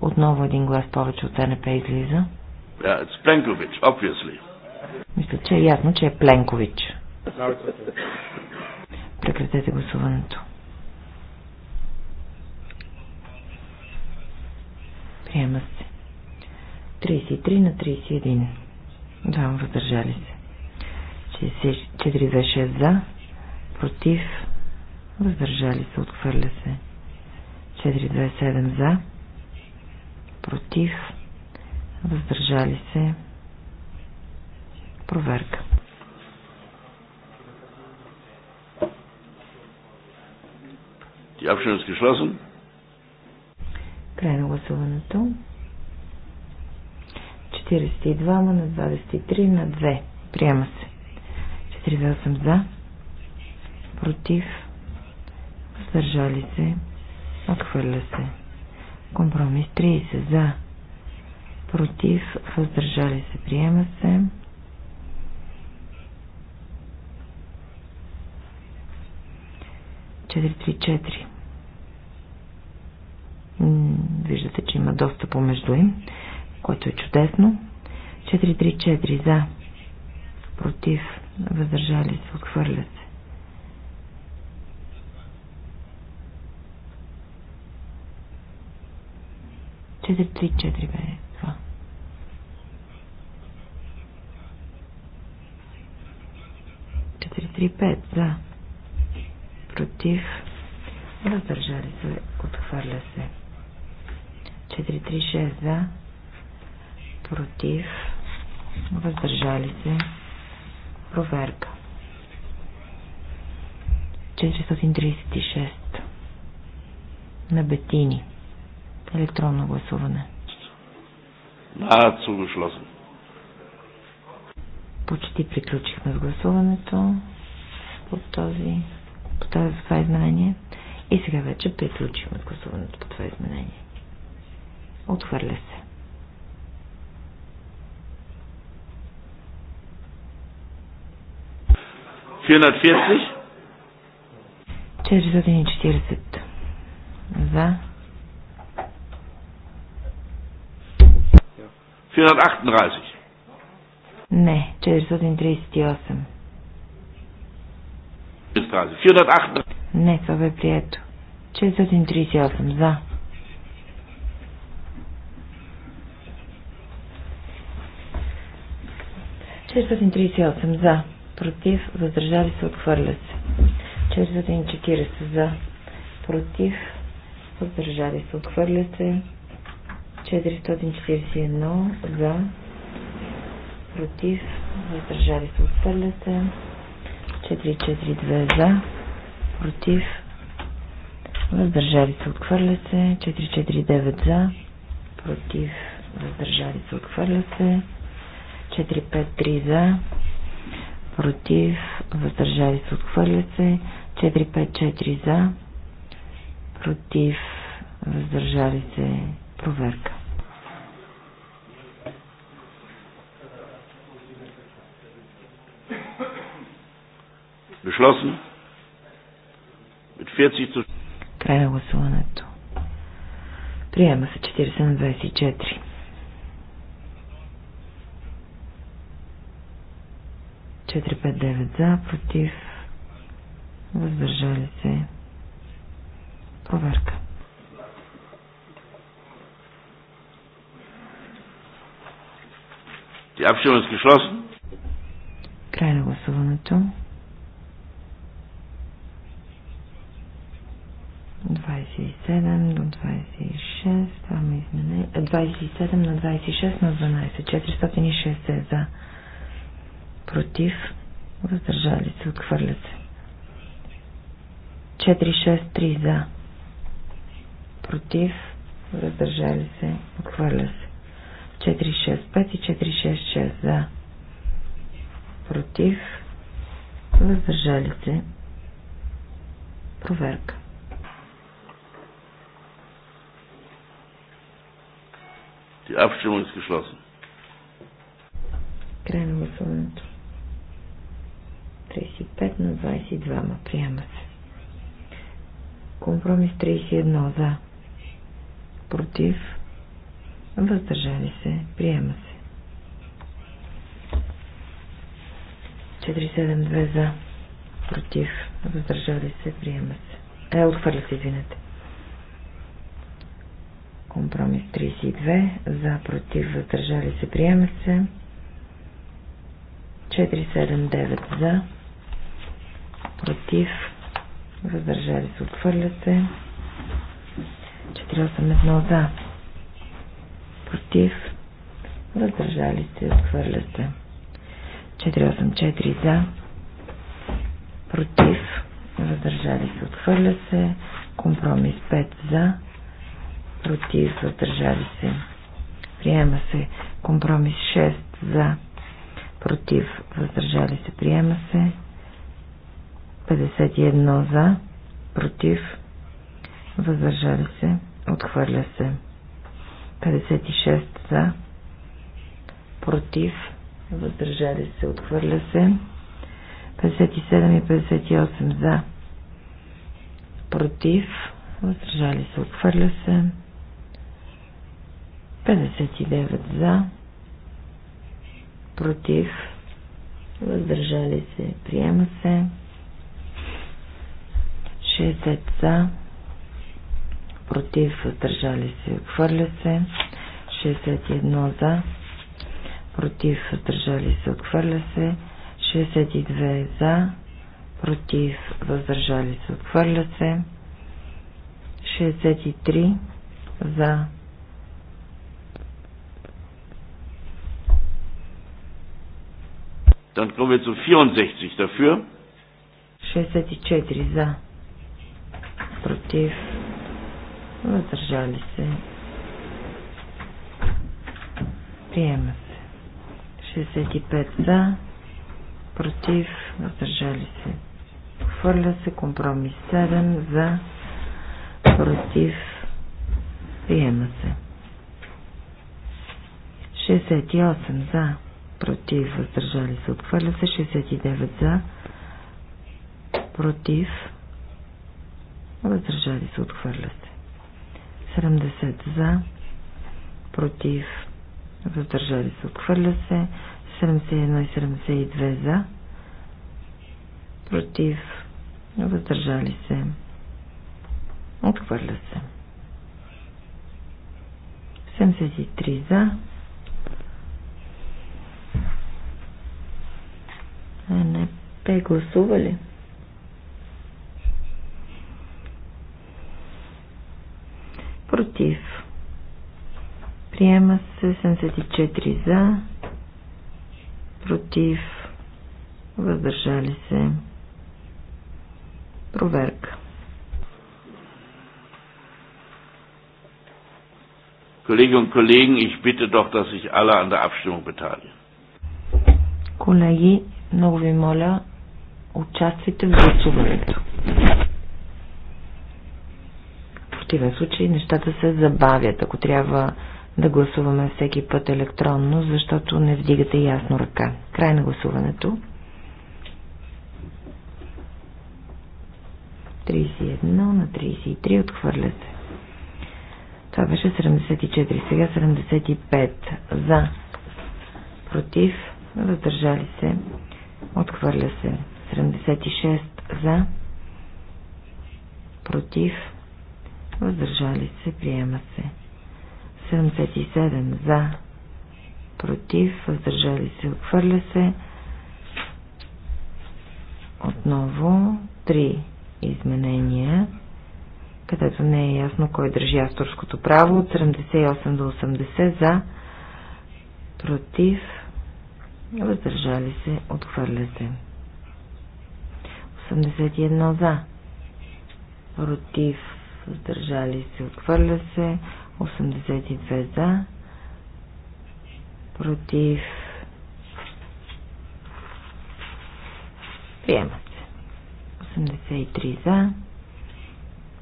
Отново един глас повече от ТНП излиза. Yeah, е, it's Plenkovic, obviously. Мисля, че е ясно, че е Пленкович. Прекратете гласуването. Приема се. 33 на 31. Двама въздържали се. 426 за, против, въздържали се, отхвърля се. 427 за, против, въздържали се. Проверка. Die Abstimmung ist Край на гласуването. 42 на 23 на 2. Приема се. 428 за, против, въздържали се, отхвърля се. Компромис 30 за, против, въздържали се, приема се. Четири, Виждате, че има доста помежду им, което е чудесно. 4, 4 за, против, въздържали се, отхвърля се. Четири, три, четири бе това. Четири, три, пет, за. Против, въздържали се, отхвърля се. шест, за, против, въздържали се, Проверка. 436 на Бетини. Електронно гласуване. Нацу съм. Почти приключихме с гласуването по, този, по тази, това изменение. И сега вече приключихме с гласуването по това изменение. Отхвърля се. 440. 440. За. 438. Не, 438. 438. Не, това бе прието. 438. За. Четиристотин за против, въздържали се, отхвърля се. 440 за, против, въздържали се, отхвърлят се. 441 за, против, въздържали се, отхвърлят се. 442 за, против, въздържали се, отхвърля се. 449 за, против, въздържали се, отхвърля се. 453 за, против, въздържали се, отхвърля се, 4, 5, 4 за, против, въздържали се, проверка. Beschlossen. Mit 40 zu... Край на гласуването. Приема се 40 на 24. 459 за, против, въздържали се. Проверка. Die Abstimmung Край на гласуването. 27 до 26, това ми измене. 27 на 26 на 12, 460 за против, въздържали се, отхвърля се. 463 за, против, въздържали се, отхвърля се. 465 и 6 за, против, въздържали се, проверка. Die Abstimmung ist geschlossen. Край на гласуването. 35 на 22. Ма приема се. Компромис 31 за. Против. Въздържали се. Приема се. 472 за. Против. Въздържали се. Приема се. Е, отхвърля се, извинете. Компромис 32. За, против, въздържали се, приема се. 479 за против, въздържали се, отхвърля се. 481 за, против, въздържали се, отхвърля се. 484 за, против, въздържали се, отхвърля се. Компромис 5 за, против, въздържали се. Приема се компромис 6 за, против, въздържали се, приема се. 51 за, против, въздържали се, отхвърля се. 56 за, против, въздържали се, отхвърля се. 57 и 58 за, против, въздържали се, отхвърля се. 59 за, против, въздържали се, приема се. 60 за, против, въздържали се, отхвърля се. 61 за, против, въздържали се, отхвърля се. 62 за, против, въздържали се, отхвърля се. 63 за, Dann kommen wir zu 64 dafür. 64 за против, въздържали се, приема се. 65 за, против, въздържали се. Хвърля се компромис 7 за, против, приема се. 68 за, против, въздържали се. Отхвърля се 69 за, против, Въздържали се, отхвърля се. 70 за, против, въздържали се, отхвърля се. 71 и 72 за, против, въздържали се, отхвърля се. 73 за. Е, не, пе гласували. Против. Приема се 74 за. Против. Въздържали се. Проверка. Колеги и колеги, ich bitte doch, dass sich alle an der Abstimmung beteiligen. Колеги, много ви моля, участвайте в гласуването противен случай нещата се забавят, ако трябва да гласуваме всеки път електронно, защото не вдигате ясно ръка. Край на гласуването. 31 на 33 отхвърля се. Това беше 74, сега 75 за, против, въздържали се, отхвърля се. 76 за, против, въздържали се, приема се. 77 за, против, въздържали се, отхвърля се. Отново три изменения, където не е ясно кой държи авторското право. От 78 до 80 за, против, въздържали се, отхвърля се. 81 за, против, въздържали се, отхвърля се, 82 за, против, приема се, 83 за,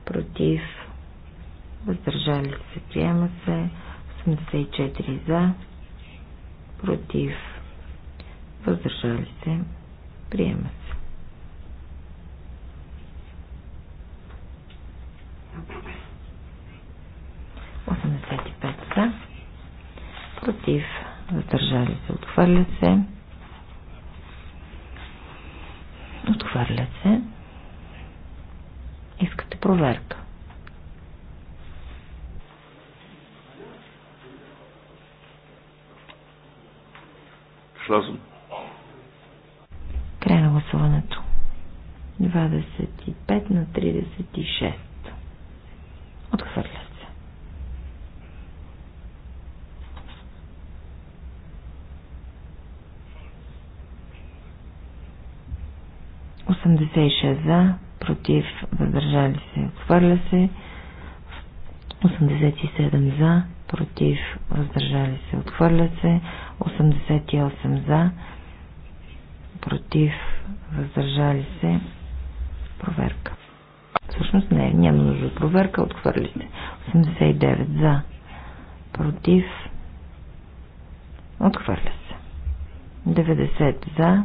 против, въздържали се, приема се, 84 за, против, въздържали се, приема се. против, въздържали се, отхвърлят се. Отхвърлят се. Искате проверка. Шлазъм. Край на гласуването. 25 на 36. Отхвърля 86 за, против, въздържали се, отхвърля се. 87 за, против, въздържали се, отхвърля се. 88 за, против, въздържали се, проверка. Всъщност не, няма нужда от проверка, отхвърли се. 89 за, против, отхвърля се. 90 за,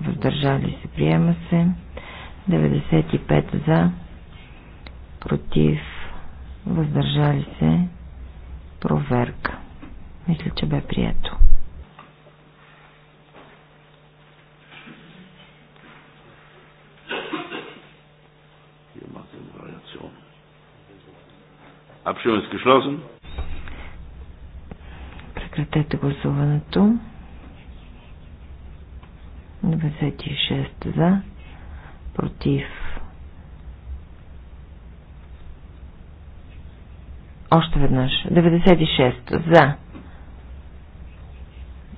въздържали се, приема се. 95 за, против, въздържали се, проверка. Мисля, че бе прието. Abstimmung ist Прекратете гласуването. 96 за, против. Още веднъж. 96 за,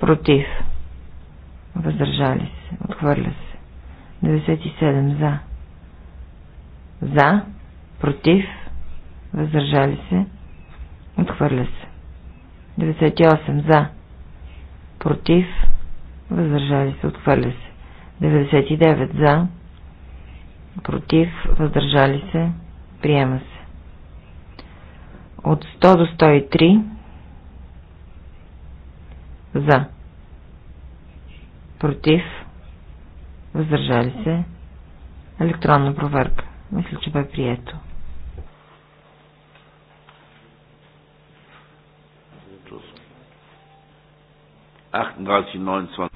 против. Въздържали се. Отхвърля се. 97 за. За. Против. Въздържали се. Отхвърля се. 98 за. Против въздържали се, отхвърля се. 99 за, против, въздържали се, приема се. От 100 до 103 за, против, въздържали се, електронна проверка. Мисля, че бе прието. 38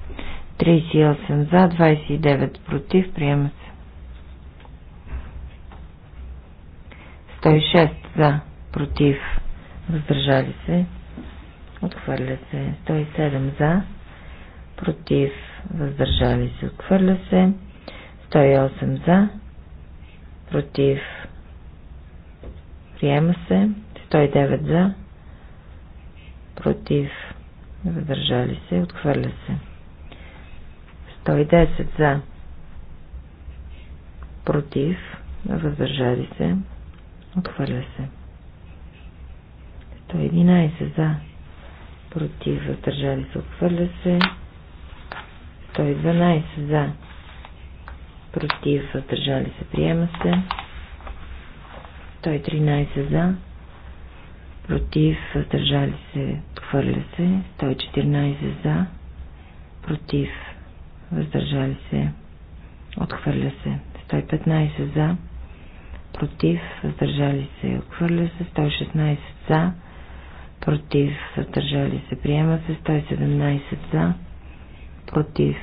за, 29 против. Приема се. 106 за, против. Въздържали се. Отхвърля се. 107 за, против. Въздържали се. Отхвърля се. 108 за, против. Приема се. 109 за, против въздържали се, отхвърля се. 110 за, против, въздържали се, отхвърля се. 111 за, против, въздържали се, отхвърля се. 112 за, против, въздържали се, приема се. 113 за, против, въздържали се, отхвърля се, 114 за, против, въздържали се, отхвърля се, 115 за, против, въздържали се, отхвърля се, 116 за, против, въздържали се, приема се, 117 за, против,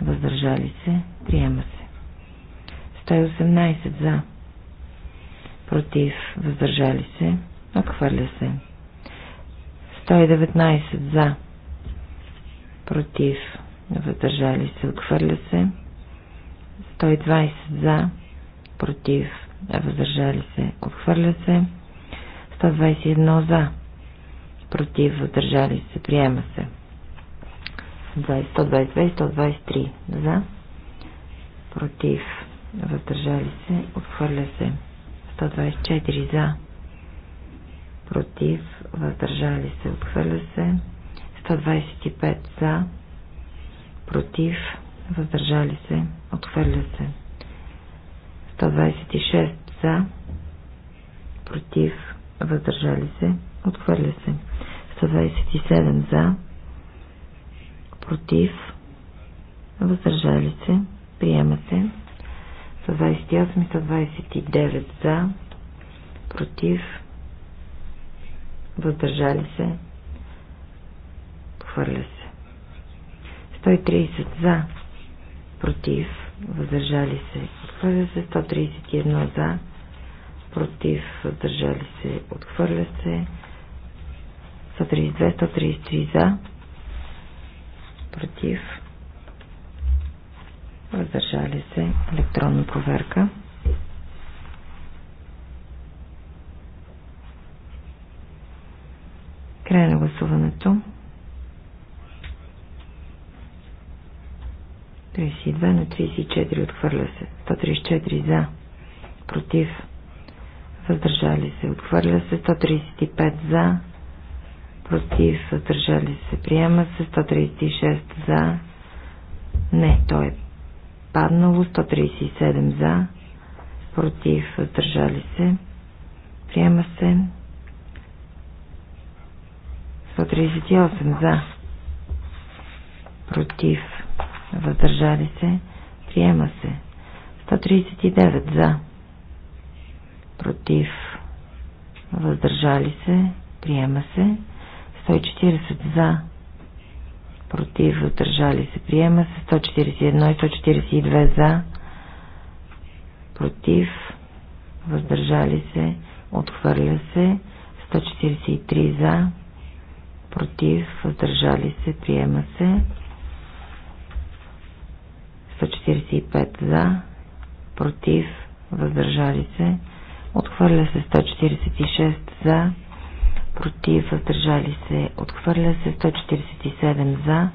въздържали се, приема се, 118 за, против, въздържали се, Отхвърля се. 119 за. Против. Въздържали се. Отхвърля се. 120 за. Против. Въздържали се. Отхвърля се. 121 за. Против. Въздържали се. Приема се. 122 и 123 за. Против. Въздържали се. Отхвърля се. 124 за против, въздържали се, отхвърля се. 125 за, против, въздържали се, отхвърля се. 126 за, против, въздържали се, отхвърля се. 127 за, против, въздържали се, приема се. 128 129 за, против, въздържали се, хвърля се. 130 за, против, въздържали се, отхвърля се. 131 за, против, въздържали се, отхвърля се. 132, 133 за, против, въздържали се, електронна проверка. Край на гласуването. 32 на 34 отхвърля се. 134 за. Против. Въздържали се. Отхвърля се. 135 за. Против. Въздържали се. Приема се. 136 за. Не, то е паднало. 137 за. Против. Въздържали се. Приема се. 138 за. Против. Въздържали се. Приема се. 139 за. Против. Въздържали се. Приема се. 140 за. Против. Въздържали се. Приема се. 141 и 142 за. Против. Въздържали се. Отхвърля се. 143 за против, въздържали се, приема се. 145 за, против, въздържали се. Отхвърля се 146 за, против, въздържали се. Отхвърля се 147 за,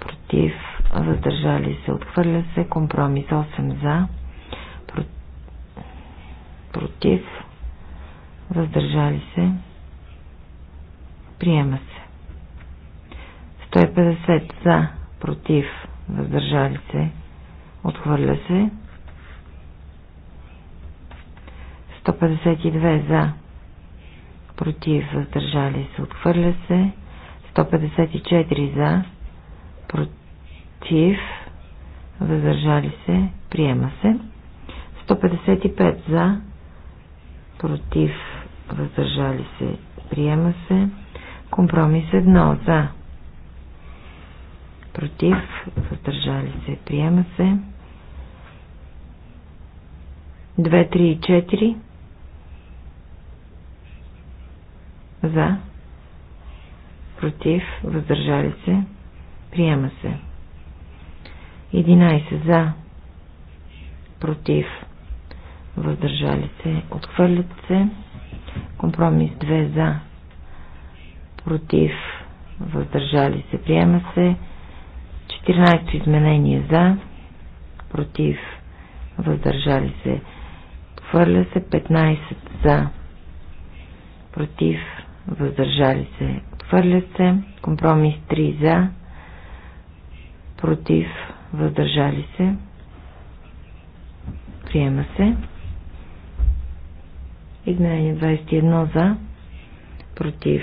против, въздържали се. Отхвърля се компромис 8 за, против, въздържали се. Приема се. 150 за, против, въздържали се, отхвърля се. 152 за, против, въздържали се, отхвърля се. 154 за, против, въздържали се, приема се. 155 за, против, въздържали се, приема се. Компромис 1 за. Против. Въздържали се. Приема се. 2, 3 4. За. Против. Въздържали се. Приема се. 11 за. Против. Въздържали се. Отхвърлят се. Компромис 2 за против, въздържали се, приема се. 14 изменение за, против, въздържали се, хвърля се. 15 за, против, въздържали се, хвърля се. Компромис 3 за, против, въздържали се, приема се. Изменение 21 за, против,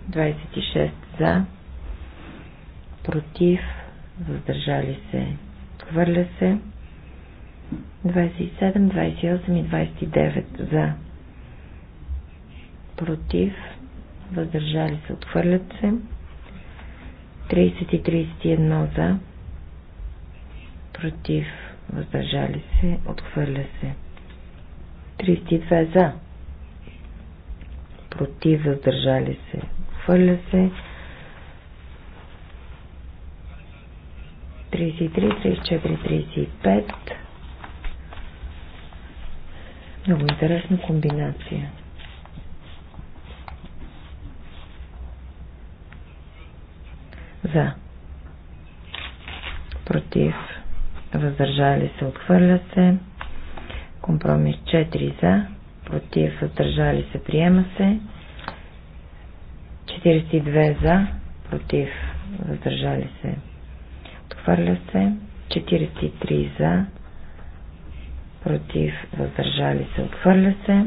26 за, против, въздържали се, хвърля се. 27, 28 и 29 за, против, въздържали се, отхвърлят се. 30 и 31 за, против, въздържали се, отхвърля се. 32 за, против, въздържали се, отхвърля се. 33, 34, 35. Много интересна комбинация. За. Против. Въздържали се. Отхвърля се. Компромис 4 за. Против. Въздържали се. Приема се. 42 за, против, въздържали се. Отхвърля се. 43 за, против, въздържали се. Отхвърля се.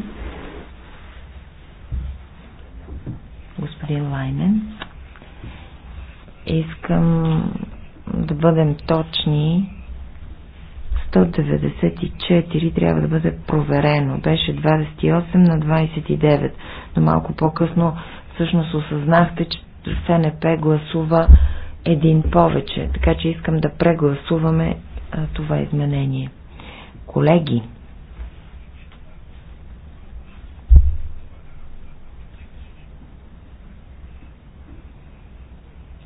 Господин Лайнен. Искам да бъдем точни. 194 трябва да бъде проверено. Беше 28 на 29, но малко по-късно всъщност осъзнахте, че СНП гласува един повече, така че искам да прегласуваме а, това изменение. Колеги,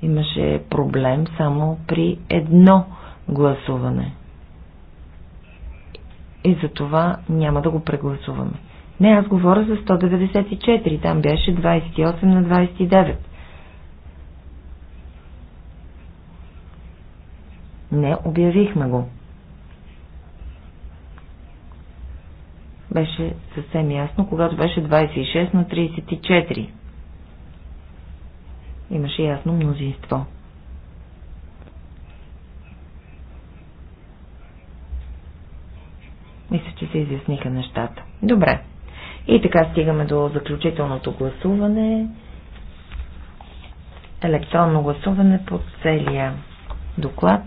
имаше проблем само при едно гласуване. И за това няма да го прегласуваме. Не, аз говоря за 194. Там беше 28 на 29. Не, обявихме го. Беше съвсем ясно, когато беше 26 на 34. Имаше ясно мнозинство. Мисля, че се изясниха нещата. Добре. И така стигаме до заключителното гласуване. Електронно гласуване по целия доклад.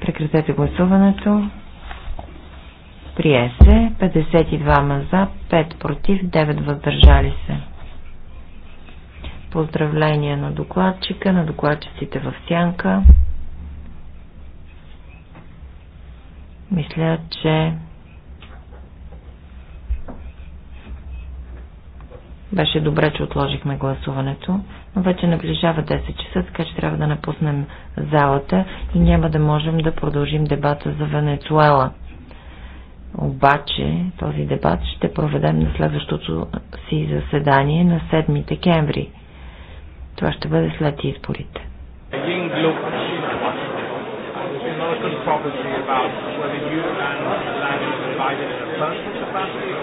Прекратете гласуването. Прие се 52 за, 5 против, 9 въздържали се. Поздравления на докладчика, на докладчиците в сянка. Мисля, че беше добре, че отложихме гласуването, но вече наближава 10 часа, така че трябва да напуснем залата и няма да можем да продължим дебата за Венецуела. Обаче този дебат ще проведем на следващото си заседание на 7 декември. Това ще бъде след изборите. Един глуп controversy probably about whether you and Larry divided in a personal capacity or